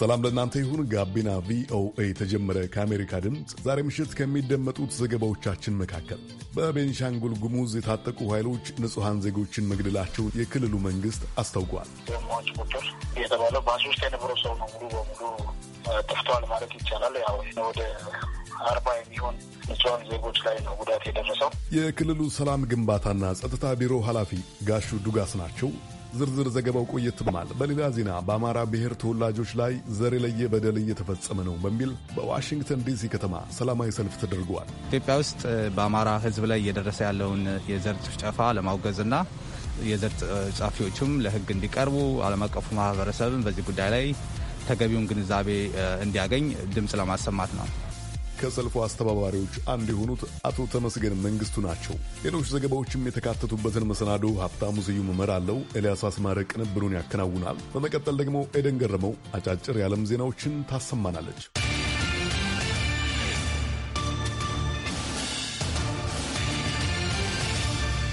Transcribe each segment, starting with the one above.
ሰላም ለእናንተ ይሁን። ጋቢና ቪኦኤ የተጀመረ ከአሜሪካ ድምፅ ዛሬ ምሽት ከሚደመጡት ዘገባዎቻችን መካከል በቤንሻንጉል ጉሙዝ የታጠቁ ኃይሎች ንጹሐን ዜጎችን መግደላቸውን የክልሉ መንግስት አስታውቋል። ቁጥር የተባለው ባስ ውስጥ የነበረው ሰው ነው ሙሉ በሙሉ ጠፍተዋል ማለት ይቻላል። ያው ወደ አርባ የሚሆን ንጹሐን ዜጎች ላይ ነው ጉዳት የደረሰው። የክልሉ ሰላም ግንባታና ጸጥታ ቢሮ ኃላፊ ጋሹ ዱጋስ ናቸው። ዝርዝር ዘገባው ቆየት ብማል። በሌላ ዜና በአማራ ብሔር ተወላጆች ላይ ዘር የለየ በደል እየተፈጸመ ነው በሚል በዋሽንግተን ዲሲ ከተማ ሰላማዊ ሰልፍ ተደርጓል ኢትዮጵያ ውስጥ በአማራ ሕዝብ ላይ እየደረሰ ያለውን የዘር ጭፍጨፋ ለማውገዝና የዘር ጻፊዎችም ለሕግ እንዲቀርቡ ዓለም አቀፉ ማህበረሰብም በዚህ ጉዳይ ላይ ተገቢውን ግንዛቤ እንዲያገኝ ድምፅ ለማሰማት ነው። ከሰልፉ አስተባባሪዎች አንዱ የሆኑት አቶ ተመስገን መንግስቱ ናቸው። ሌሎች ዘገባዎችም የተካተቱበትን መሰናዶ ሀብታሙ ስዩም እመራለሁ። ኤልያስ አስማረ ቅንብሩን ያከናውናል። በመቀጠል ደግሞ ኤደን ገረመው አጫጭር የዓለም ዜናዎችን ታሰማናለች።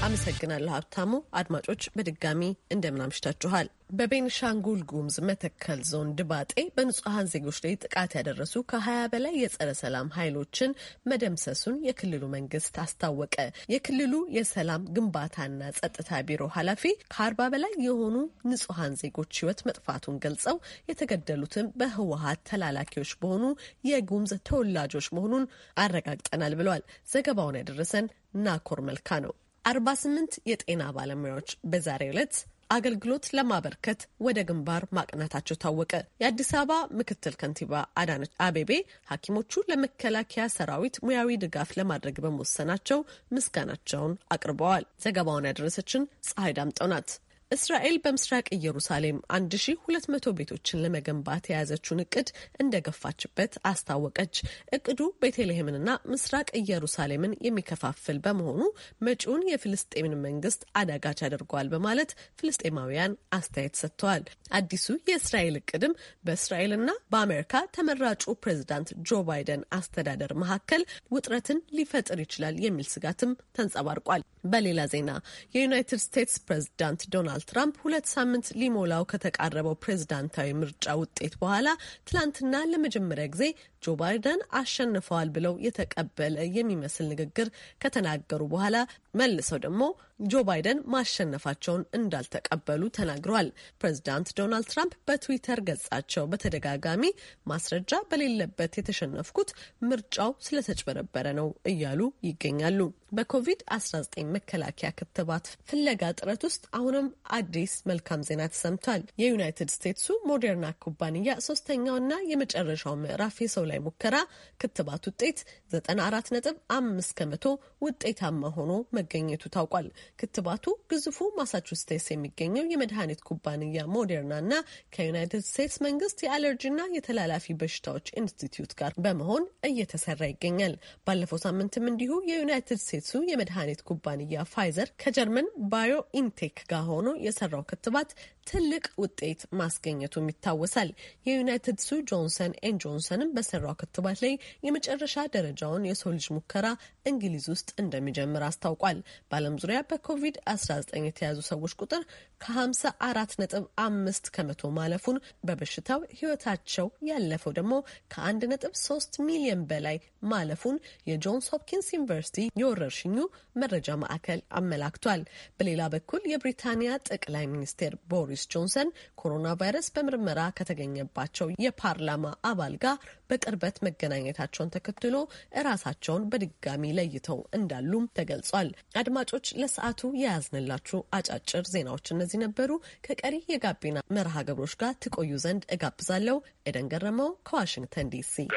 አመሰግናለሁ ሀብታሙ። አድማጮች በድጋሚ እንደምናምሽታችኋል። በቤንሻንጉል ጉሙዝ መተከል ዞን ድባጤ በንጹሐን ዜጎች ላይ ጥቃት ያደረሱ ከ20 በላይ የጸረ ሰላም ኃይሎችን መደምሰሱን የክልሉ መንግስት አስታወቀ። የክልሉ የሰላም ግንባታና ጸጥታ ቢሮ ኃላፊ ከ40 በላይ የሆኑ ንጹሐን ዜጎች ህይወት መጥፋቱን ገልጸው የተገደሉትም በህወሀት ተላላኪዎች በሆኑ የጉሙዝ ተወላጆች መሆኑን አረጋግጠናል ብለዋል። ዘገባውን ያደረሰን ናኮር መልካ ነው። አርባ ስምንት የጤና ባለሙያዎች በዛሬ ዕለት አገልግሎት ለማበርከት ወደ ግንባር ማቅናታቸው ታወቀ። የአዲስ አበባ ምክትል ከንቲባ አዳነች አቤቤ ሐኪሞቹ ለመከላከያ ሰራዊት ሙያዊ ድጋፍ ለማድረግ በመወሰናቸው ምስጋናቸውን አቅርበዋል። ዘገባውን ያደረሰችን ፀሐይ ዳምጠው ናት። እስራኤል በምስራቅ ኢየሩሳሌም 1200 ቤቶችን ለመገንባት የያዘችውን እቅድ እንደገፋችበት አስታወቀች። እቅዱ ቤተልሔምንና ምስራቅ ኢየሩሳሌምን የሚከፋፍል በመሆኑ መጪውን የፍልስጤምን መንግስት አዳጋች አድርጓል በማለት ፍልስጤማውያን አስተያየት ሰጥተዋል። አዲሱ የእስራኤል እቅድም በእስራኤልና በአሜሪካ ተመራጩ ፕሬዚዳንት ጆ ባይደን አስተዳደር መካከል ውጥረትን ሊፈጥር ይችላል የሚል ስጋትም ተንጸባርቋል። በሌላ ዜና የዩናይትድ ስቴትስ ፕሬዚዳንት ዶናልድ ዶናልድ ትራምፕ ሁለት ሳምንት ሊሞላው ከተቃረበው ፕሬዝዳንታዊ ምርጫ ውጤት በኋላ ትላንትና ለመጀመሪያ ጊዜ ጆ ባይደን አሸንፈዋል ብለው የተቀበለ የሚመስል ንግግር ከተናገሩ በኋላ መልሰው ደግሞ ጆ ባይደን ማሸነፋቸውን እንዳልተቀበሉ ተናግረዋል። ፕሬዚዳንት ዶናልድ ትራምፕ በትዊተር ገጻቸው በተደጋጋሚ ማስረጃ በሌለበት የተሸነፍኩት ምርጫው ስለተጭበረበረ ነው እያሉ ይገኛሉ። በኮቪድ-19 መከላከያ ክትባት ፍለጋ ጥረት ውስጥ አሁንም አዲስ መልካም ዜና ተሰምቷል። የዩናይትድ ስቴትሱ ሞዴርና ኩባንያ ሶስተኛውና የመጨረሻው ምዕራፍ የሰው ላይ ሙከራ ክትባት ውጤት 94 ነጥብ 5 ከመቶ ውጤታማ ሆኖ መገኘቱ ታውቋል። ክትባቱ ግዙፉ ማሳቹስቴትስ የሚገኘው የመድኃኒት ኩባንያ ሞዴርና እና ከዩናይትድ ስቴትስ መንግስት የአለርጂና የተላላፊ በሽታዎች ኢንስቲትዩት ጋር በመሆን እየተሰራ ይገኛል። ባለፈው ሳምንትም እንዲሁ የዩናይትድ ስቴትሱ የመድኃኒት ኩባንያ ፋይዘር ከጀርመን ባዮ ኢንቴክ ጋር ሆኖ የሰራው ክትባት ትልቅ ውጤት ማስገኘቱም ይታወሳል። የዩናይትድ ሱ ጆንሰን ኤን ጆንሰንም በሰ በተሰራው ክትባት ላይ የመጨረሻ ደረጃውን የሰው ልጅ ሙከራ እንግሊዝ ውስጥ እንደሚጀምር አስታውቋል። በዓለም ዙሪያ በኮቪድ-19 የተያዙ ሰዎች ቁጥር ከ54 ነጥብ 5 ከመቶ ማለፉን በበሽታው ሕይወታቸው ያለፈው ደግሞ ከ1 ነጥብ 3 ሚሊዮን በላይ ማለፉን የጆንስ ሆፕኪንስ ዩኒቨርሲቲ የወረርሽኙ መረጃ ማዕከል አመላክቷል። በሌላ በኩል የብሪታንያ ጠቅላይ ሚኒስትር ቦሪስ ጆንሰን ኮሮና ቫይረስ በምርመራ ከተገኘባቸው የፓርላማ አባል ጋር በቅርበት መገናኘታቸውን ተከትሎ እራሳቸውን በድጋሚ ለይተው እንዳሉም ተገልጿል። አድማጮች ለሰዓቱ የያዝንላችሁ አጫጭር ዜናዎች እነዚህ ነበሩ። ከቀሪ የጋቢና መርሃ ግብሮች ጋር ትቆዩ ዘንድ እጋብዛለሁ። ኤደን ገረመው ከዋሽንግተን ዲሲ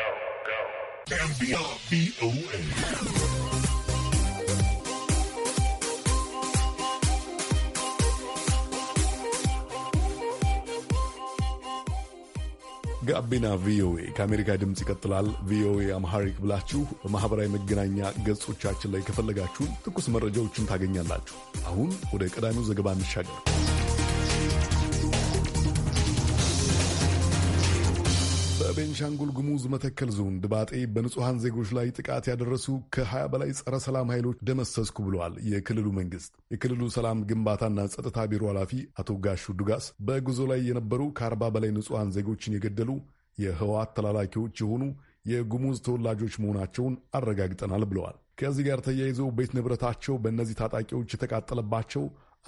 ጋቢና ቪኦኤ ከአሜሪካ ድምፅ ይቀጥላል። ቪኦኤ አምሃሪክ ብላችሁ በማኅበራዊ መገናኛ ገጾቻችን ላይ ከፈለጋችሁን ትኩስ መረጃዎችን ታገኛላችሁ። አሁን ወደ ቀዳሚው ዘገባ እንሻገር። በቤንሻንጉል ጉሙዝ መተከል ዞን ድባጤ በንጹሐን ዜጎች ላይ ጥቃት ያደረሱ ከ20 በላይ ጸረ ሰላም ኃይሎች ደመሰስኩ ብለዋል የክልሉ መንግስት። የክልሉ ሰላም ግንባታና ጸጥታ ቢሮ ኃላፊ አቶ ጋሹ ዱጋስ በጉዞ ላይ የነበሩ ከ40 በላይ ንጹሐን ዜጎችን የገደሉ የህወሓት ተላላኪዎች የሆኑ የጉሙዝ ተወላጆች መሆናቸውን አረጋግጠናል ብለዋል። ከዚህ ጋር ተያይዘው ቤት ንብረታቸው በእነዚህ ታጣቂዎች የተቃጠለባቸው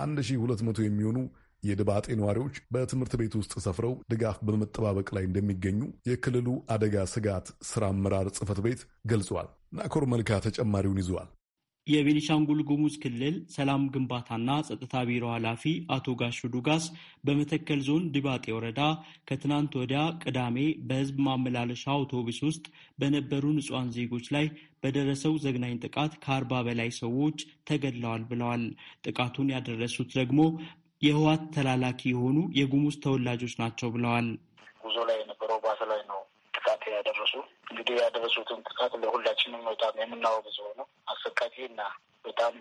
1200 የሚሆኑ የድባጤ ነዋሪዎች በትምህርት ቤት ውስጥ ሰፍረው ድጋፍ በመጠባበቅ ላይ እንደሚገኙ የክልሉ አደጋ ስጋት ስራ አመራር ጽህፈት ቤት ገልጿል። ናኮር መልካ ተጨማሪውን ይዟል። የቤኒሻንጉል ጉሙዝ ክልል ሰላም ግንባታና ጸጥታ ቢሮ ኃላፊ አቶ ጋሹ ዱጋስ በመተከል ዞን ድባጤ ወረዳ ከትናንት ወዲያ ቅዳሜ በህዝብ ማመላለሻ አውቶቡስ ውስጥ በነበሩ ንጹሐን ዜጎች ላይ በደረሰው ዘግናኝ ጥቃት ከአርባ በላይ ሰዎች ተገድለዋል ብለዋል። ጥቃቱን ያደረሱት ደግሞ የህወሓት ተላላኪ የሆኑ የጉሙዝ ተወላጆች ናቸው ብለዋል። ጉዞ ላይ የነበረው ባስ ላይ ነው ጥቃት ያደረሱ። እንግዲህ ያደረሱትን ጥቃት ለሁላችንም በጣም የምናወግዝ ነው። አሰቃቂ እና በጣም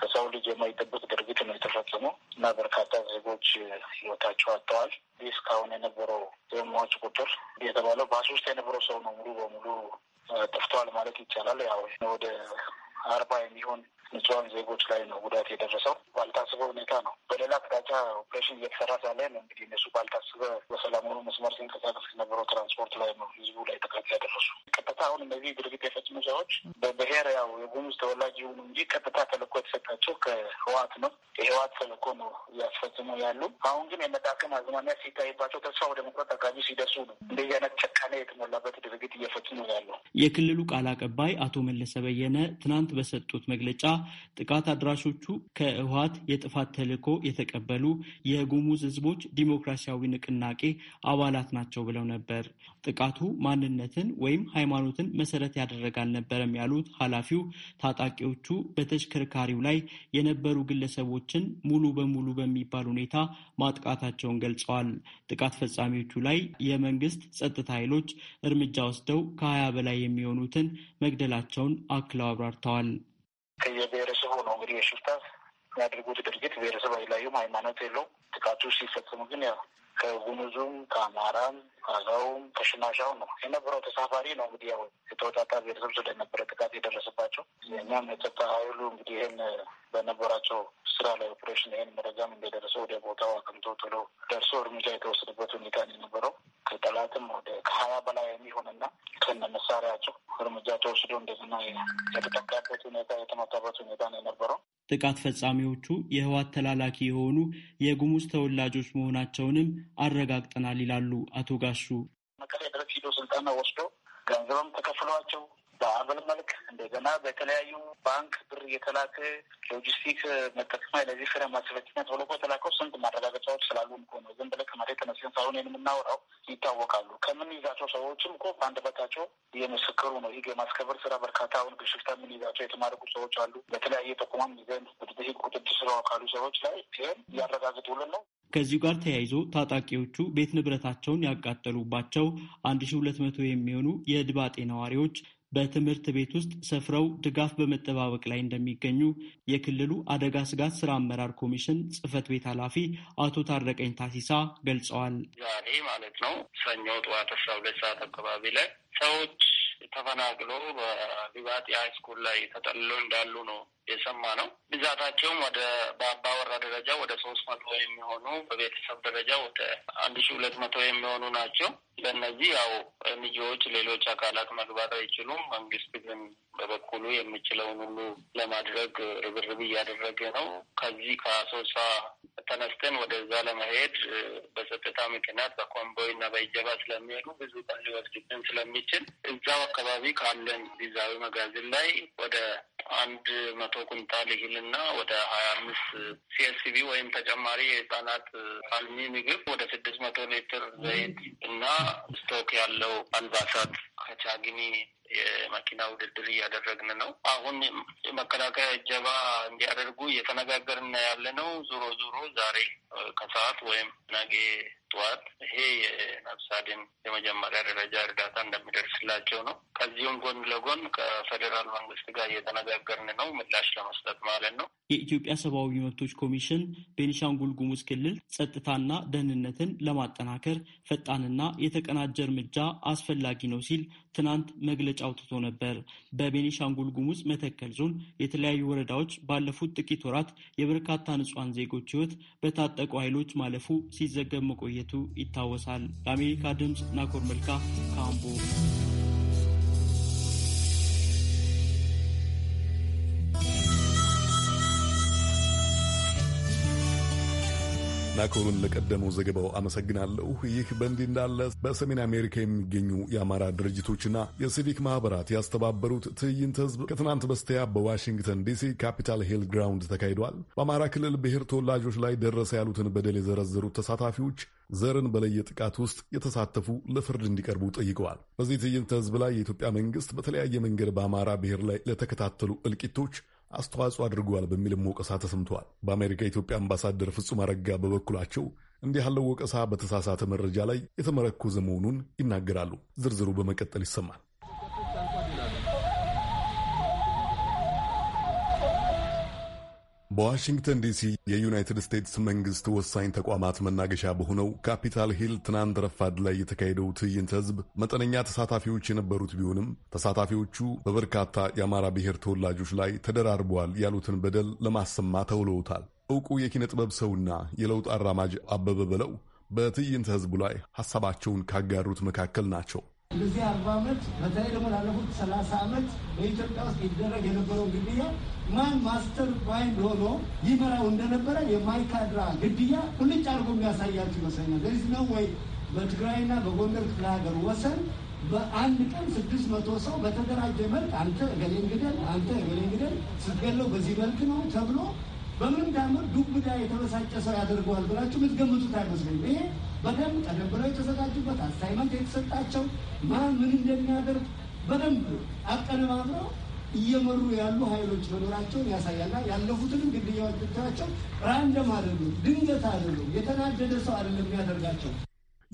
ከሰው ልጅ የማይጠብቅ ድርጊት ነው የተፈጸመው እና በርካታ ዜጎች ህይወታቸው አጥተዋል። እስካሁን የነበረው የሟች ቁጥር የተባለው ባስ ውስጥ የነበረው ሰው ነው ሙሉ በሙሉ ጠፍተዋል ማለት ይቻላል። ያው ወደ አርባ የሚሆን ንጹሃን ዜጎች ላይ ነው ጉዳት የደረሰው። ባልታስበ ሁኔታ ነው። በሌላ አቅጣጫ ኦፕሬሽን እየተሰራ ሳለ ነው እንግዲህ እነሱ ባልታስበ በሰላሙኑ መስመር ሲንቀሳቀስ የነበረው ትራንስፖርት ላይ ነው ህዝቡ ላይ ጥቃት ያደረሱ። ቀጥታ አሁን እነዚህ ድርጊት የፈጽሙ ሰዎች በብሔር ያው የጉሙዝ ተወላጅ ይሁኑ እንጂ ቀጥታ ተልእኮ የተሰጣቸው ከህዋት ነው። የህዋት ተልእኮ ነው እያስፈጽሙ ያሉ። አሁን ግን የመዳከም አዝማሚያ ሲታይባቸው ተስፋ ወደ መቁረጥ አካባቢ ሲደርሱ ነው እንደዚህ አይነት ጨካኔ የተሞላበት ድርጊት እየፈጽሙ ያለው። የክልሉ ቃል አቀባይ አቶ መለሰ በየነ ትናንት በሰጡት መግለጫ ጥቃት አድራሾቹ ከህወሀት የጥፋት ተልዕኮ የተቀበሉ የጉሙዝ ህዝቦች ዲሞክራሲያዊ ንቅናቄ አባላት ናቸው ብለው ነበር። ጥቃቱ ማንነትን ወይም ሃይማኖትን መሰረት ያደረገ አልነበረም ያሉት ኃላፊው ታጣቂዎቹ በተሽከርካሪው ላይ የነበሩ ግለሰቦችን ሙሉ በሙሉ በሚባል ሁኔታ ማጥቃታቸውን ገልጸዋል። ጥቃት ፈጻሚዎቹ ላይ የመንግስት ጸጥታ ኃይሎች እርምጃ ወስደው ከሀያ በላይ የሚሆኑትን መግደላቸውን አክለው አብራርተዋል። ከየብሔረሰቡ ነው እንግዲህ የሽፍታ የሚያደርጉት ድርጊት ብሔረሰብ አይላዩም፣ ሃይማኖት የለውም። ጥቃቱ ሲፈጽሙ ግን ያው ከጉሙዙም ከአማራም ከአዛውም ከሽናሻው ነው የነበረው ተሳፋሪ ነው እንግዲህ ያው የተወጣጣ ብሔረሰብ ስለነበረ ጥቃት የደረሰባቸው የእኛም የጸጥታ ኃይሉ እንግዲህ ይህን በነበራቸው ስራ ላይ ኦፕሬሽን ይህን መረጃም እንደደረሰው ወደ ቦታው አቅምቶ ቶሎ ደርሶ እርምጃ የተወሰደበት ሁኔታ የነበረው ከጠላትም ወደ ከሀያ በላይ የሚሆንና ከነ መሳሪያቸው እርምጃ ተወስዶ እንደዝና የተጠቃበት ሁኔታ የተመታበት ሁኔታ ነው የነበረው። ጥቃት ፈጻሚዎቹ የህወሓት ተላላኪ የሆኑ የጉሙዝ ተወላጆች መሆናቸውንም አረጋግጠናል ይላሉ አቶ ጋሹ። መቀሌ ድረስ ሂዶ ስልጠና ወስዶ ገንዘብም ተከፍሏቸው በአበል መልክ እንደገና በተለያዩ ባንክ ብር እየተላከ ሎጂስቲክ መጠቀሚያ ለዚህ ስራ ማስፈጸሚያ ተብሎ የተላከው ስንት ማረጋገጫዎች ስላሉ እኮ ነው። ዝም ብለህ ከመሬት ተነስተን ሳይሆን የምናወራው ይታወቃሉ። ከምንይዛቸው ሰዎችም እኮ በአንድ በታቸው እየመሰከሩ ነው። ህግ የማስከበር ስራ በርካታ አሁን ግሽፍታ የምንይዛቸው የተማረቁ ሰዎች አሉ። በተለያየ ጠቁማም ይዘን ህግ ቁጥጥር ስራው ካሉ ሰዎች ላይ ይህን እያረጋግጡልን ነው። ከዚሁ ጋር ተያይዞ ታጣቂዎቹ ቤት ንብረታቸውን ያቃጠሉባቸው 1200 የሚሆኑ የድባጤ ነዋሪዎች በትምህርት ቤት ውስጥ ሰፍረው ድጋፍ በመጠባበቅ ላይ እንደሚገኙ የክልሉ አደጋ ስጋት ስራ አመራር ኮሚሽን ጽህፈት ቤት ኃላፊ አቶ ታረቀኝ ታሲሳ ገልጸዋል። ዛሬ ማለት ነው ሰኞ ጠዋት አስራ ሁለት ሰዓት አካባቢ ላይ ሰዎች ተፈናቅሎ በሊባጢ ሃይስኩል ላይ ተጠልሎ እንዳሉ ነው የሰማ ነው። ብዛታቸውም ወደ በአባወራ ደረጃ ወደ ሶስት መቶ የሚሆኑ በቤተሰብ ደረጃ ወደ አንድ ሺ ሁለት መቶ የሚሆኑ ናቸው። በእነዚህ ያው ኤንጂኦዎች ሌሎች አካላት መግባት አይችሉም። መንግስት ግን በበኩሉ የምችለውን ሁሉ ለማድረግ ርብርብ እያደረገ ነው። ከዚህ ከአሶሳ ተነስተን ወደዛ ለመሄድ በጸጥታ ምክንያት በኮንቦይ እና በእጀባ ስለሚሄዱ ብዙ ቀን ሊወስድብን ስለሚችል እዛው አካባቢ ካለን ጊዜያዊ መጋዘን ላይ ወደ አንድ መቶ ኩንታል ይህልና ወደ ሀያ አምስት ሲኤስሲቪ ወይም ተጨማሪ የህጻናት አልሚ ምግብ ወደ ስድስት መቶ ሊትር ዘይት እና ስቶክ ያለው አልባሳት ከቻግኒ የመኪና ውድድር እያደረግን ነው። አሁን የመከላከያ እጀባ እንዲያደርጉ እየተነጋገርን ያለ ነው። ዞሮ ዞሮ ዛሬ ከሰዓት ወይም ነገ ጠዋት ይሄ የነፍስ አድን የመጀመሪያ ደረጃ እርዳታ እንደሚደርስላቸው ነው። ከዚሁም ጎን ለጎን ከፌዴራል መንግስት ጋር እየተነጋገርን ነው፣ ምላሽ ለመስጠት ማለት ነው። የኢትዮጵያ ሰብአዊ መብቶች ኮሚሽን ቤኒሻንጉል ጉሙዝ ክልል ጸጥታና ደህንነትን ለማጠናከር ፈጣንና የተቀናጀ እርምጃ አስፈላጊ ነው ሲል ትናንት መግለጫ መግለጫ ነበር። በቤኒሻንጉል ጉሙዝ መተከል ዞን የተለያዩ ወረዳዎች ባለፉት ጥቂት ወራት የበርካታ ንጹሐን ዜጎች ህይወት በታጠቁ ኃይሎች ማለፉ ሲዘገብ መቆየቱ ይታወሳል። ለአሜሪካ ድምፅ ናኮር መልካ ካምቦ ናኮሩን ለቀደመው ዘገባው አመሰግናለሁ። ይህ በእንዲህ እንዳለ በሰሜን አሜሪካ የሚገኙ የአማራ ድርጅቶችና የሲቪክ ማህበራት ያስተባበሩት ትዕይንት ህዝብ ከትናንት በስቲያ በዋሽንግተን ዲሲ ካፒታል ሂል ግራውንድ ተካሂዷል። በአማራ ክልል ብሔር ተወላጆች ላይ ደረሰ ያሉትን በደል የዘረዘሩት ተሳታፊዎች ዘርን በለየ ጥቃት ውስጥ የተሳተፉ ለፍርድ እንዲቀርቡ ጠይቀዋል። በዚህ ትዕይንተ ህዝብ ላይ የኢትዮጵያ መንግስት በተለያየ መንገድ በአማራ ብሔር ላይ ለተከታተሉ እልቂቶች አስተዋጽኦ አድርጓል በሚልም ወቀሳ ተሰምተዋል። በአሜሪካ የኢትዮጵያ አምባሳደር ፍጹም አረጋ በበኩላቸው እንዲህ ያለው ወቀሳ በተሳሳተ መረጃ ላይ የተመረኮዘ መሆኑን ይናገራሉ። ዝርዝሩ በመቀጠል ይሰማል። በዋሽንግተን ዲሲ የዩናይትድ ስቴትስ መንግስት ወሳኝ ተቋማት መናገሻ በሆነው ካፒታል ሂል ትናንት ረፋድ ላይ የተካሄደው ትዕይንተ ህዝብ መጠነኛ ተሳታፊዎች የነበሩት ቢሆንም ተሳታፊዎቹ በበርካታ የአማራ ብሔር ተወላጆች ላይ ተደራርበዋል ያሉትን በደል ለማሰማ ተውለውታል። እውቁ የኪነ ጥበብ ሰውና የለውጥ አራማጅ አበበ በለው በትዕይንተ ህዝቡ ላይ ሐሳባቸውን ካጋሩት መካከል ናቸው። እንደዚህ አርባ ዓመት በተለይ ደግሞ ላለፉት ሰላሳ ዓመት በኢትዮጵያ ውስጥ ይደረግ የነበረው ግድያ ማን ማስተር ማይንድ ሆኖ ይመራው እንደነበረ የማይካድራ ግድያ ሁልጭ አድርጎ የሚያሳያቸው ይመስለኛል። ለዚህ ነው ወይ በትግራይና በጎንደር ክፍለ ሀገር ወሰን በአንድ ቀን ስድስት መቶ ሰው በተደራጀ መልክ አንተ እገሌን ግደል፣ አንተ እገሌን ግደል፣ ስትገለው በዚህ መልክ ነው ተብሎ በምን ዳምር ዱብዳ የተበሳጨ ሰው ያደርገዋል ብላችሁ የምትገምቱት አይመስለኝም። ይሄ በደንብ ቀደም ብለው የተዘጋጁበት አሳይመንት የተሰጣቸው ማን ምን እንደሚያደርግ በደንብ አቀነባብረው እየመሩ ያሉ ኃይሎች መኖራቸውን ያሳያልና ያለፉትንም ግድያዎቻቸው ራንደም አይደሉም፣ ድንገት አደሉ፣ የተናደደ ሰው አይደለም የሚያደርጋቸው።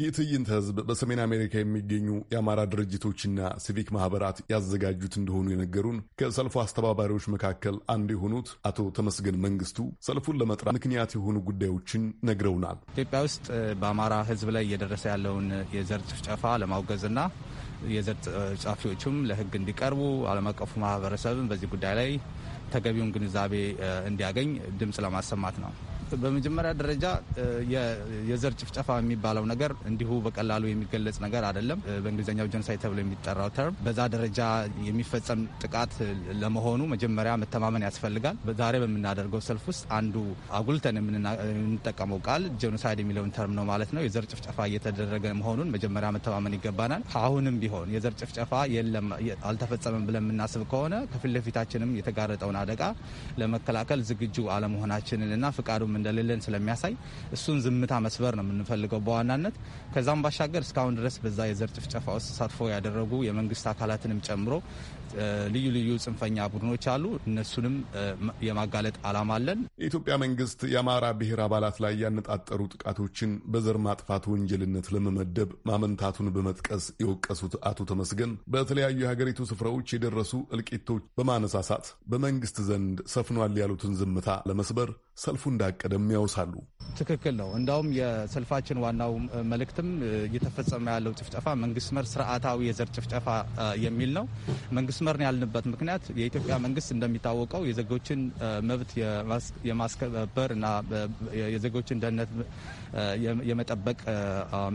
ይህ ትዕይንተ ህዝብ በሰሜን አሜሪካ የሚገኙ የአማራ ድርጅቶችና ሲቪክ ማህበራት ያዘጋጁት እንደሆኑ የነገሩን ከሰልፉ አስተባባሪዎች መካከል አንዱ የሆኑት አቶ ተመስገን መንግስቱ ሰልፉን ለመጥራት ምክንያት የሆኑ ጉዳዮችን ነግረውናል። ኢትዮጵያ ውስጥ በአማራ ህዝብ ላይ እየደረሰ ያለውን የዘር ጭፍጨፋ ለማውገዝና የዘር ጨፍጫፊዎቹም ለህግ እንዲቀርቡ ዓለም አቀፉ ማህበረሰብም በዚህ ጉዳይ ላይ ተገቢውን ግንዛቤ እንዲያገኝ ድምፅ ለማሰማት ነው። በመጀመሪያ ደረጃ የዘር ጭፍጨፋ የሚባለው ነገር እንዲሁ በቀላሉ የሚገለጽ ነገር አይደለም። በእንግሊዝኛው ጀንሳይ ተብሎ የሚጠራው ተርም በዛ ደረጃ የሚፈጸም ጥቃት ለመሆኑ መጀመሪያ መተማመን ያስፈልጋል። ዛሬ በምናደርገው ሰልፍ ውስጥ አንዱ አጉልተን የምንጠቀመው ቃል ጀኖሳይድ የሚለውን ተርም ነው ማለት ነው። የዘር ጭፍጨፋ እየተደረገ መሆኑን መጀመሪያ መተማመን ይገባናል። አሁንም ቢሆን የዘር ጭፍጨፋ የለም አልተፈጸመም ብለን የምናስብ ከሆነ ከፊት ለፊታችንም የተጋረጠውን አደጋ ለመከላከል ዝግጁ አለመሆናችንን እና ፍቃዱን እንደሌለን ስለሚያሳይ እሱን ዝምታ መስበር ነው የምንፈልገው በዋናነት። ከዛም ባሻገር እስካሁን ድረስ በዛ የዘር ጭፍጨፋ ውስጥ ተሳትፎ ያደረጉ የመንግስት አካላትንም ጨምሮ ልዩ ልዩ ጽንፈኛ ቡድኖች አሉ። እነሱንም የማጋለጥ አላማ አለን። የኢትዮጵያ መንግስት የአማራ ብሔር አባላት ላይ ያነጣጠሩ ጥቃቶችን በዘር ማጥፋት ወንጀልነት ለመመደብ ማመንታቱን በመጥቀስ የወቀሱት አቶ ተመስገን በተለያዩ የሀገሪቱ ስፍራዎች የደረሱ እልቂቶች በማነሳሳት በመንግስት ዘንድ ሰፍኗል ያሉትን ዝምታ ለመስበር ሰልፉ እንዳቀደም ያውሳሉ። ትክክል ነው። እንዳውም የሰልፋችን ዋናው መልእክትም እየተፈጸመ ያለው ጭፍጨፋ መንግስት መር ስርዓታዊ የዘር ጭፍጨፋ የሚል ነው። መንግስት መስመር ነው ያልንበት ምክንያት የኢትዮጵያ መንግስት እንደሚታወቀው የዜጎችን መብት የማስከበር እና የዜጎችን ደህንነት የመጠበቅ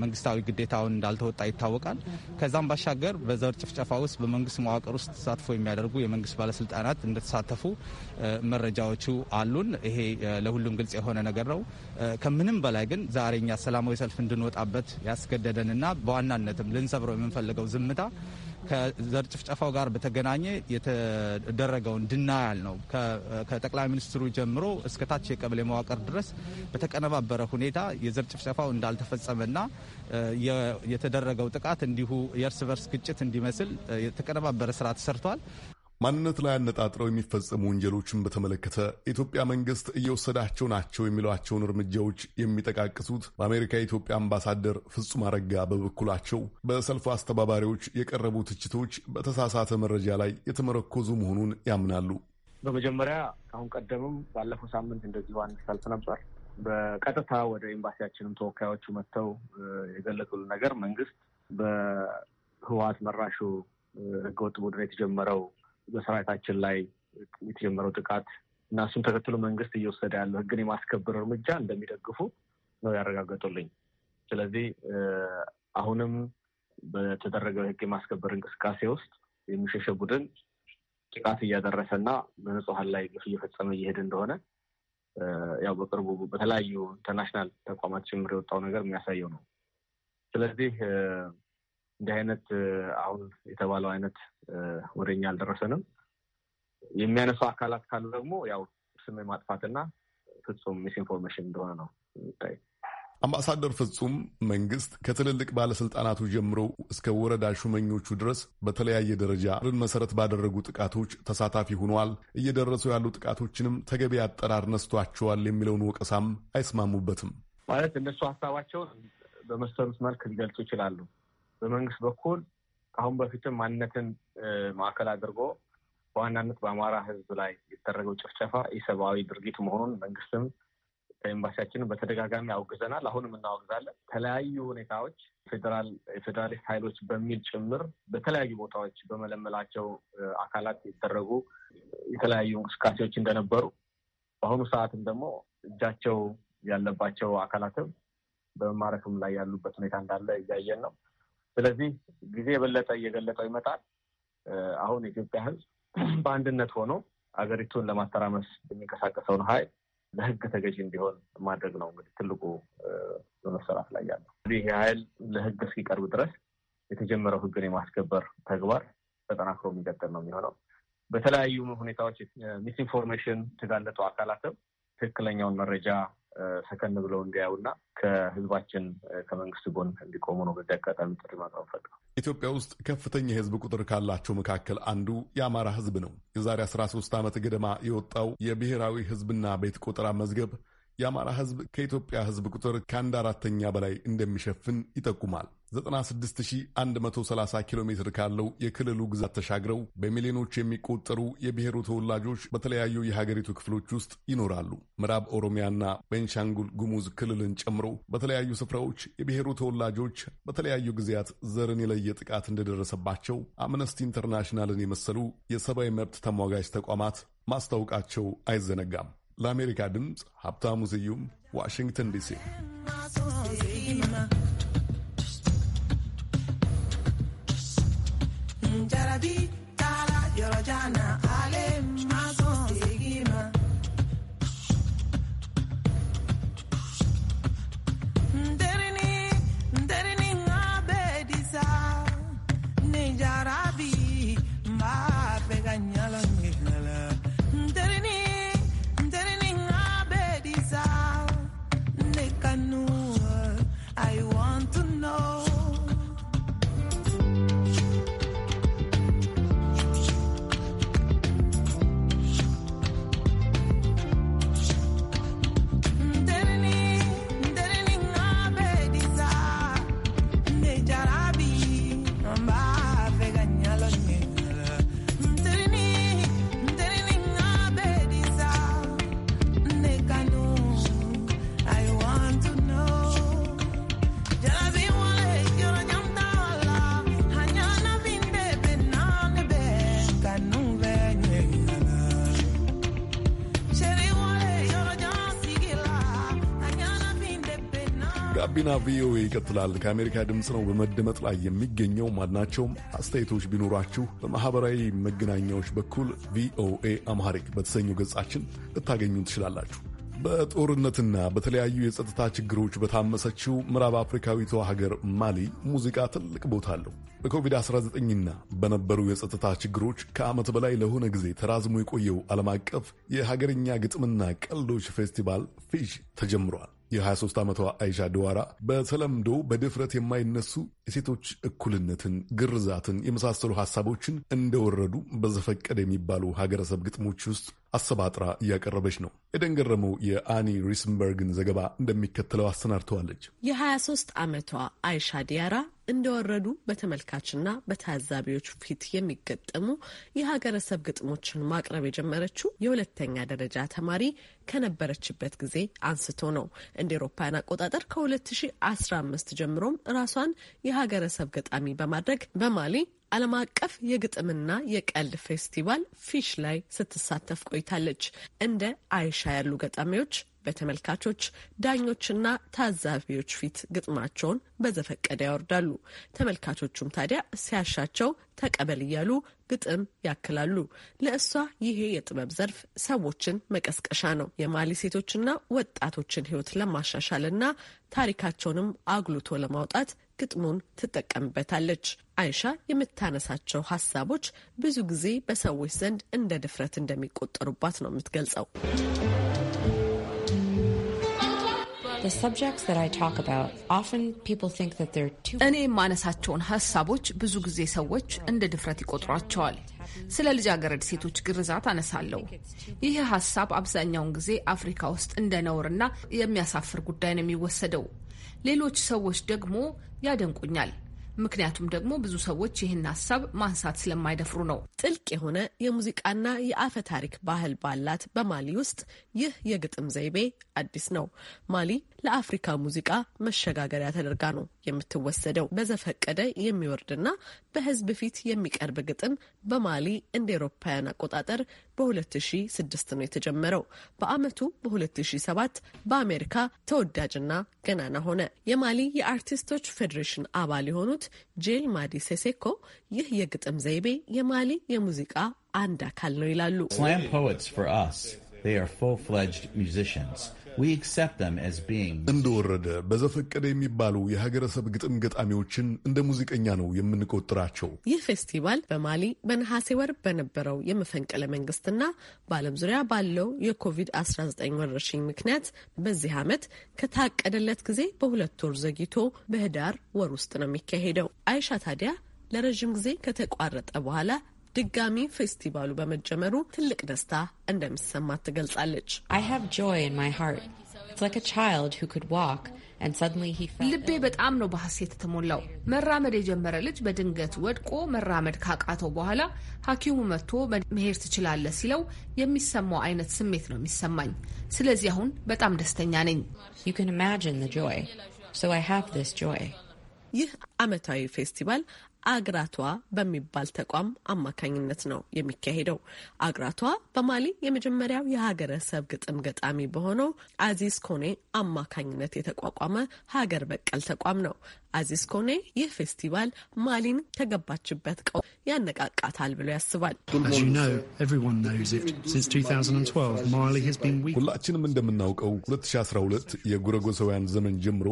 መንግስታዊ ግዴታውን እንዳልተወጣ ይታወቃል። ከዛም ባሻገር በዘር ጭፍጨፋ ውስጥ በመንግስት መዋቅር ውስጥ ተሳትፎ የሚያደርጉ የመንግስት ባለስልጣናት እንደተሳተፉ መረጃዎቹ አሉን። ይሄ ለሁሉም ግልጽ የሆነ ነገር ነው። ከምንም በላይ ግን ዛሬኛ ሰላማዊ ሰልፍ እንድንወጣበት ያስገደደንና በዋናነትም ልንሰብረው የምንፈልገው ዝምታ ከዘር ጭፍጨፋው ጋር በተገናኘ የተደረገውን ድናያል ነው። ከጠቅላይ ሚኒስትሩ ጀምሮ እስከታች የቀበሌ መዋቅር ድረስ በተቀነባበረ ሁኔታ የዘር ጭፍጨፋው እንዳልተፈጸመና የተደረገው ጥቃት እንዲሁ የእርስ በርስ ግጭት እንዲመስል የተቀነባበረ ስራ ተሰርቷል። ማንነት ላይ አነጣጥረው የሚፈጸሙ ወንጀሎችን በተመለከተ የኢትዮጵያ መንግስት እየወሰዳቸው ናቸው የሚሏቸውን እርምጃዎች የሚጠቃቅሱት በአሜሪካ የኢትዮጵያ አምባሳደር ፍጹም አረጋ በበኩላቸው በሰልፉ አስተባባሪዎች የቀረቡ ትችቶች በተሳሳተ መረጃ ላይ የተመረኮዙ መሆኑን ያምናሉ። በመጀመሪያ ከአሁን ቀደምም ባለፈው ሳምንት እንደዚሁ አንድ ሰልፍ ነበር። በቀጥታ ወደ ኤምባሲያችንም ተወካዮቹ መጥተው የገለጹልን ነገር መንግስት በህወሀት መራሹ ህገወጥ ቡድን የተጀመረው በሰራዊታችን ላይ የተጀመረው ጥቃት እና እሱን ተከትሎ መንግስት እየወሰደ ያለው ህግን የማስከበር እርምጃ እንደሚደግፉ ነው ያረጋገጡልኝ። ስለዚህ አሁንም በተደረገው የህግ የማስከበር እንቅስቃሴ ውስጥ የሚሸሸ ቡድን ጥቃት እያደረሰ እና በንጹሀን ላይ ግፍ እየፈጸመ እየሄደ እንደሆነ ያው በቅርቡ በተለያዩ ኢንተርናሽናል ተቋማት ጭምር የወጣው ነገር የሚያሳየው ነው። ስለዚህ እንዲህ አይነት አሁን የተባለው አይነት ወደኛ አልደረሰንም። የሚያነሱ አካላት ካሉ ደግሞ ያው ስም ማጥፋትና ፍጹም ሚስኢንፎርሜሽን እንደሆነ ነው የሚታይ። አምባሳደር ፍጹም መንግስት ከትልልቅ ባለስልጣናቱ ጀምሮ እስከ ወረዳ ሹመኞቹ ድረስ በተለያየ ደረጃ ርን መሰረት ባደረጉ ጥቃቶች ተሳታፊ ሆኗል፣ እየደረሱ ያሉ ጥቃቶችንም ተገቢ አጠራር ነስቷቸዋል የሚለውን ወቀሳም አይስማሙበትም። ማለት እነሱ ሀሳባቸውን በመሰሉት መልክ ሊገልጹ ይችላሉ። በመንግስት በኩል ከአሁን በፊትም ማንነትን ማዕከል አድርጎ በዋናነት በአማራ ህዝብ ላይ የተደረገው ጭፍጨፋ ኢሰብአዊ ድርጊት መሆኑን መንግስትም ኤምባሲያችንን በተደጋጋሚ አውግዘናል። አሁንም እናወግዛለን። የተለያዩ ሁኔታዎች ፌዴራል የፌዴራሊስት ኃይሎች በሚል ጭምር በተለያዩ ቦታዎች በመለመላቸው አካላት የተደረጉ የተለያዩ እንቅስቃሴዎች እንደነበሩ በአሁኑ ሰዓትም ደግሞ እጃቸው ያለባቸው አካላትም በመማረክም ላይ ያሉበት ሁኔታ እንዳለ እያየን ነው። ስለዚህ ጊዜ የበለጠ እየገለጠው ይመጣል። አሁን የኢትዮጵያ ሕዝብ በአንድነት ሆኖ አገሪቱን ለማተራመስ የሚንቀሳቀሰውን ኃይል ለህግ ተገዢ እንዲሆን ማድረግ ነው እንግዲህ ትልቁ በመሰራት ላይ ያለው። እንግዲህ ይህ ኃይል ለህግ እስኪቀርብ ድረስ የተጀመረው ህግን የማስከበር ተግባር ተጠናክሮ የሚቀጥል ነው የሚሆነው። በተለያዩ ሁኔታዎች ሚስኢንፎርሜሽን የተጋለጡ አካላትም ትክክለኛውን መረጃ ሰከን ብለው እንዲያዩና ከህዝባችን ከመንግስት ጎን እንዲቆሙ ነው በዚህ አጋጣሚ ጥሪ ማቅረብ ኢትዮጵያ ውስጥ ከፍተኛ የህዝብ ቁጥር ካላቸው መካከል አንዱ የአማራ ህዝብ ነው። የዛሬ 13 ዓመት ገደማ የወጣው የብሔራዊ ህዝብና ቤት ቆጠራ መዝገብ የአማራ ሕዝብ ከኢትዮጵያ ህዝብ ቁጥር ከአንድ አራተኛ በላይ እንደሚሸፍን ይጠቁማል። 96130 ኪሎ ሜትር ካለው የክልሉ ግዛት ተሻግረው በሚሊዮኖች የሚቆጠሩ የብሔሩ ተወላጆች በተለያዩ የሀገሪቱ ክፍሎች ውስጥ ይኖራሉ። ምዕራብ ኦሮሚያና ቤንሻንጉል ጉሙዝ ክልልን ጨምሮ በተለያዩ ስፍራዎች የብሔሩ ተወላጆች በተለያዩ ጊዜያት ዘርን የለየ ጥቃት እንደደረሰባቸው አምነስቲ ኢንተርናሽናልን የመሰሉ የሰብአዊ መብት ተሟጋጅ ተቋማት ማስታወቃቸው አይዘነጋም። ለአሜሪካ ድምፅ ሀብታሙ ስዩም ዋሽንግተን ዲሲ። Jarabi, Tala, Yorojana. ጋቢና ቪኦኤ ይቀጥላል። ከአሜሪካ ድምፅ ነው በመደመጥ ላይ የሚገኘው። ማናቸውም አስተያየቶች ቢኖራችሁ በማኅበራዊ መገናኛዎች በኩል ቪኦኤ አምሃሪክ በተሰኘው ገጻችን ልታገኙ ትችላላችሁ። በጦርነትና በተለያዩ የጸጥታ ችግሮች በታመሰችው ምዕራብ አፍሪካዊቷ ሀገር ማሊ ሙዚቃ ትልቅ ቦታ አለው። በኮቪድ-19ና በነበሩ የጸጥታ ችግሮች ከዓመት በላይ ለሆነ ጊዜ ተራዝሞ የቆየው ዓለም አቀፍ የሀገርኛ ግጥምና ቀልዶች ፌስቲቫል ፊሽ ተጀምሯል። የ23 ዓመቷ አይሻ ድዋራ በተለምዶ በድፍረት የማይነሱ የሴቶች እኩልነትን፣ ግርዛትን የመሳሰሉ ሀሳቦችን እንደወረዱ በዘፈቀደ የሚባሉ ሀገረሰብ ግጥሞች ውስጥ አሰባጥራ እያቀረበች ነው። ኤደን ገረመው የአኒ ሪስንበርግን ዘገባ እንደሚከተለው አሰናድተዋለች። የ23 ዓመቷ አይሻ ዲያራ እንደወረዱ በተመልካችና በታዛቢዎች ፊት የሚገጠሙ የሀገረሰብ ግጥሞችን ማቅረብ የጀመረችው የሁለተኛ ደረጃ ተማሪ ከነበረችበት ጊዜ አንስቶ ነው። እንደ ኤሮፓያን አቆጣጠር ከ2015 ጀምሮም ራሷን የሀገረሰብ ገጣሚ በማድረግ በማሊ ዓለም አቀፍ የግጥምና የቀልድ ፌስቲቫል ፊሽ ላይ ስትሳተፍ ቆይታለች። እንደ አይሻ ያሉ ገጣሚዎች በተመልካቾች ዳኞችና ታዛቢዎች ፊት ግጥማቸውን በዘፈቀደ ያወርዳሉ። ተመልካቾቹም ታዲያ ሲያሻቸው ተቀበል እያሉ ግጥም ያክላሉ። ለእሷ ይሄ የጥበብ ዘርፍ ሰዎችን መቀስቀሻ ነው። የማሊ ሴቶችና ወጣቶችን ሕይወት ለማሻሻልና ታሪካቸውንም አጉልቶ ለማውጣት ግጥሙን ትጠቀምበታለች። አይሻ የምታነሳቸው ሀሳቦች ብዙ ጊዜ በሰዎች ዘንድ እንደ ድፍረት እንደሚቆጠሩባት ነው የምትገልጸው። እኔ የማነሳቸውን ሀሳቦች ብዙ ጊዜ ሰዎች እንደ ድፍረት ይቆጥሯቸዋል። ስለ ልጃገረድ ሴቶች ግርዛት አነሳለሁ። ይህ ሀሳብ አብዛኛውን ጊዜ አፍሪካ ውስጥ እንደ ነውርና የሚያሳፍር ጉዳይ ነው የሚወሰደው። ሌሎች ሰዎች ደግሞ ያደንቁኛል። ምክንያቱም ደግሞ ብዙ ሰዎች ይህን ሀሳብ ማንሳት ስለማይደፍሩ ነው። ጥልቅ የሆነ የሙዚቃና የአፈ ታሪክ ባህል ባላት በማሊ ውስጥ ይህ የግጥም ዘይቤ አዲስ ነው። ማሊ ለአፍሪካ ሙዚቃ መሸጋገሪያ ተደርጋ ነው የምትወሰደው። በዘፈቀደ የሚወርድና በህዝብ ፊት የሚቀርብ ግጥም በማሊ እንደ ኤሮፓውያን አቆጣጠር በ2006 ነው የተጀመረው። በአመቱ በ2007 በአሜሪካ ተወዳጅና ገናና ሆነ። የማሊ የአርቲስቶች ፌዴሬሽን አባል የሆኑት ጄል ማዲ ሴሴኮ ይህ የግጥም ዘይቤ የማሊ የሙዚቃ አንድ አካል ነው ይላሉ። ስላም ፖትስ ፎር አስ ፉል እንደወረደ በዘፈቀደ የሚባሉ የሀገረሰብ ግጥም ገጣሚዎችን እንደ ሙዚቀኛ ነው የምንቆጥራቸው። ይህ ፌስቲቫል በማሊ በነሐሴ ወር በነበረው የመፈንቅለ መንግስትና በዓለም ዙሪያ ባለው የኮቪድ-19 ወረርሽኝ ምክንያት በዚህ ዓመት ከታቀደለት ጊዜ በሁለት ወር ዘግይቶ በህዳር ወር ውስጥ ነው የሚካሄደው። አይሻ ታዲያ ለረዥም ጊዜ ከተቋረጠ በኋላ ድጋሚ ፌስቲቫሉ በመጀመሩ ትልቅ ደስታ እንደሚሰማት ትገልጻለች። ልቤ በጣም ነው በሐሴት የተሞላው። መራመድ የጀመረ ልጅ በድንገት ወድቆ መራመድ ካቃተው በኋላ ሐኪሙ መጥቶ መሄድ ትችላለህ ሲለው የሚሰማው አይነት ስሜት ነው የሚሰማኝ። ስለዚህ አሁን በጣም ደስተኛ ነኝ። ይህ ዓመታዊ ፌስቲቫል አግራቷ በሚባል ተቋም አማካኝነት ነው የሚካሄደው። አግራቷ በማሊ የመጀመሪያው የሀገረሰብ ግጥም ገጣሚ በሆነው አዚዝ ኮኔ አማካኝነት የተቋቋመ ሀገር በቀል ተቋም ነው። አዚዝ ኮኔ ይህ ፌስቲቫል ማሊን ከገባችበት ቀው ያነቃቃታል ብሎ ያስባል። ሁላችንም እንደምናውቀው 2012 የጉረጎሰውያን ዘመን ጀምሮ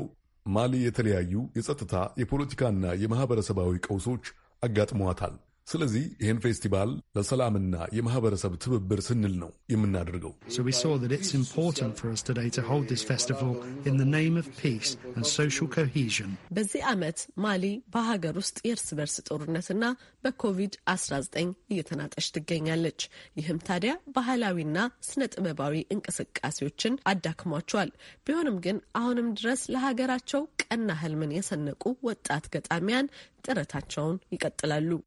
ማሊ የተለያዩ የጸጥታ የፖለቲካና የማህበረሰባዊ ቀውሶች አጋጥመዋታል። ስለዚህ ይህን ፌስቲቫል ለሰላምና የማህበረሰብ ትብብር ስንል ነው የምናደርገው። በዚህ ዓመት ማሊ በሀገር ውስጥ የእርስ በርስ ጦርነትና በኮቪድ-19 እየተናጠች ትገኛለች። ይህም ታዲያ ባህላዊና ስነ ጥበባዊ እንቅስቃሴዎችን አዳክሟቸዋል። ቢሆንም ግን አሁንም ድረስ ለሀገራቸው ቀና ህልምን የሰነቁ ወጣት ገጣሚያን ጥረታቸውን ይቀጥላሉ።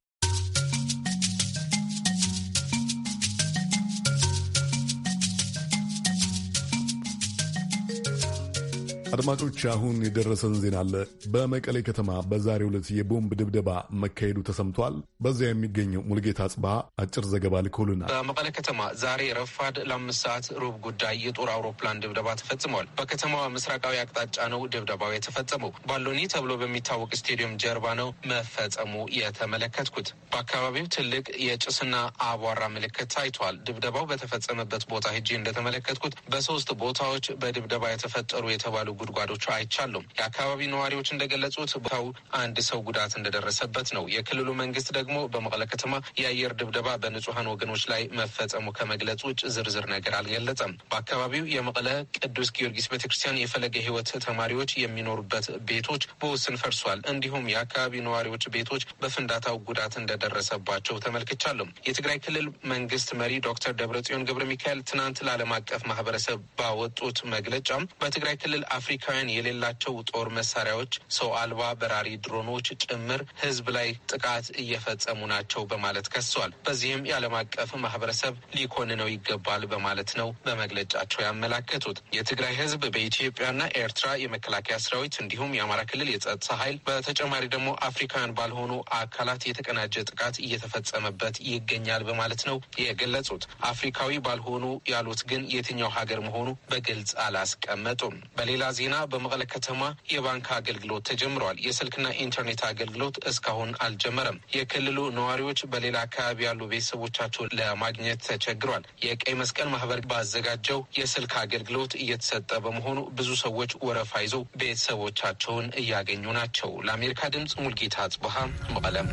አድማጮች አሁን የደረሰን ዜና አለ። በመቀሌ ከተማ በዛሬ ዕለት የቦምብ ድብደባ መካሄዱ ተሰምቷል። በዚያ የሚገኘው ሙልጌታ ጽባ አጭር ዘገባ ልኮልናል። በመቀሌ ከተማ ዛሬ ረፋድ ለአምስት ሰዓት ሩብ ጉዳይ የጦር አውሮፕላን ድብደባ ተፈጽሟል። በከተማዋ ምስራቃዊ አቅጣጫ ነው ድብደባው የተፈጸመው። ባሎኒ ተብሎ በሚታወቅ ስቴዲየም ጀርባ ነው መፈጸሙ የተመለከትኩት። በአካባቢው ትልቅ የጭስና አቧራ ምልክት ታይቷል። ድብደባው በተፈጸመበት ቦታ ሄጄ እንደተመለከትኩት በሶስት ቦታዎች በድብደባ የተፈጠሩ የተባሉ ጉድጓዶቿ አይቻሉም። የአካባቢ ነዋሪዎች እንደገለጹት ቦታው አንድ ሰው ጉዳት እንደደረሰበት ነው። የክልሉ መንግስት ደግሞ በመቀለ ከተማ የአየር ድብደባ በንጹሐን ወገኖች ላይ መፈጸሙ ከመግለጽ ውጭ ዝርዝር ነገር አልገለጸም። በአካባቢው የመቀለ ቅዱስ ጊዮርጊስ ቤተክርስቲያን የፈለገ ህይወት ተማሪዎች የሚኖሩበት ቤቶች በውስን ፈርሷል። እንዲሁም የአካባቢ ነዋሪዎች ቤቶች በፍንዳታው ጉዳት እንደደረሰባቸው ተመልክቻለሁ። የትግራይ ክልል መንግስት መሪ ዶክተር ደብረጽዮን ገብረ ሚካኤል ትናንት ለዓለም አቀፍ ማህበረሰብ ባወጡት መግለጫም በትግራይ ክልል አፍሪ አፍሪካውያን የሌላቸው ጦር መሳሪያዎች፣ ሰው አልባ በራሪ ድሮኖች ጭምር ህዝብ ላይ ጥቃት እየፈጸሙ ናቸው በማለት ከሷል። በዚህም የዓለም አቀፍ ማህበረሰብ ሊኮንነው ይገባል በማለት ነው በመግለጫቸው ያመላከቱት። የትግራይ ህዝብ በኢትዮጵያና ኤርትራ የመከላከያ ሰራዊት እንዲሁም የአማራ ክልል የጸጥታ ኃይል በተጨማሪ ደግሞ አፍሪካውያን ባልሆኑ አካላት የተቀናጀ ጥቃት እየተፈጸመበት ይገኛል በማለት ነው የገለጹት። አፍሪካዊ ባልሆኑ ያሉት ግን የትኛው ሀገር መሆኑ በግልጽ አላስቀመጡም። በሌላ ዜና በመቀለ ከተማ የባንክ አገልግሎት ተጀምረዋል። የስልክና ኢንተርኔት አገልግሎት እስካሁን አልጀመረም። የክልሉ ነዋሪዎች በሌላ አካባቢ ያሉ ቤተሰቦቻቸውን ለማግኘት ተቸግሯል። የቀይ መስቀል ማህበር ባዘጋጀው የስልክ አገልግሎት እየተሰጠ በመሆኑ ብዙ ሰዎች ወረፋ ይዘው ቤተሰቦቻቸውን እያገኙ ናቸው። ለአሜሪካ ድምጽ ሙልጌታ አጽበሃ መቀለም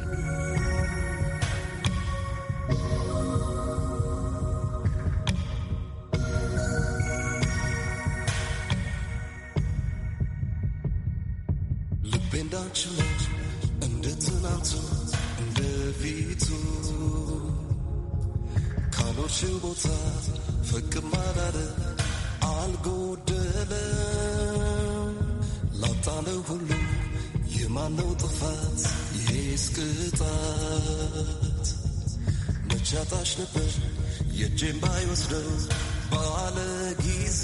እንዳችኖት እንደ ትናንቱ እንደ ፊቱ ካኖርሽው ቦታ ፈቅ ማዳረ አልጎደለም ላጣለው ሁሉ የማነው ጥፋት ይሄስ ቅጣት መቻጣሽ ነበር የእጄን ባይወስደው ባለ ጊዜ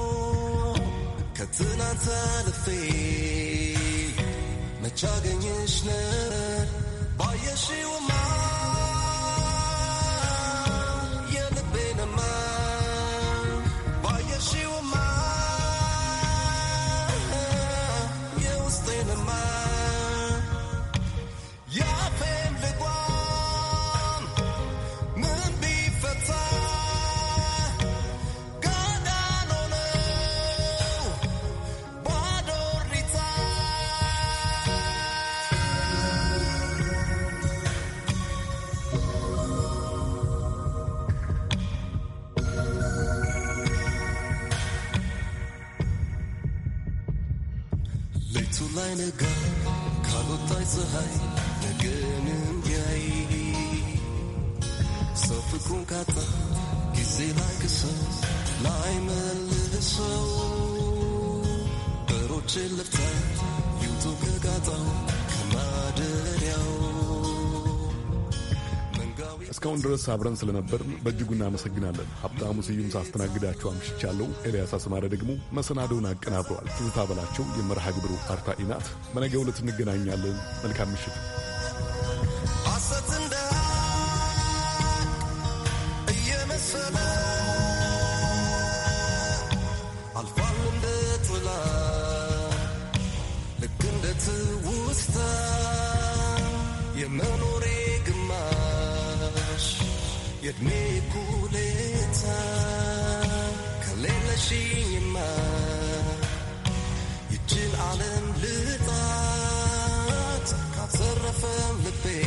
ከትናንት አልፌ መቻገኝሽ ነበር ባየሽው እስካሁን ድረስ አብረን ስለነበር በእጅጉ እናመሰግናለን። ሀብታሙ ስዩም ሳስተናግዳቸው አምሽቻለሁ። ኤልያስ አስማረ ደግሞ መሰናዶውን አቀናብረዋል። ትዝታ በላቸው የመርሃ ግብሩ አርታኢ ናት። በነገ ዕለት እንገናኛለን። መልካም ምሽት። የዕድሜ ጉሌታ ከሌለሽኝማ ይችን ዓለም ልጣት ካዘረፈም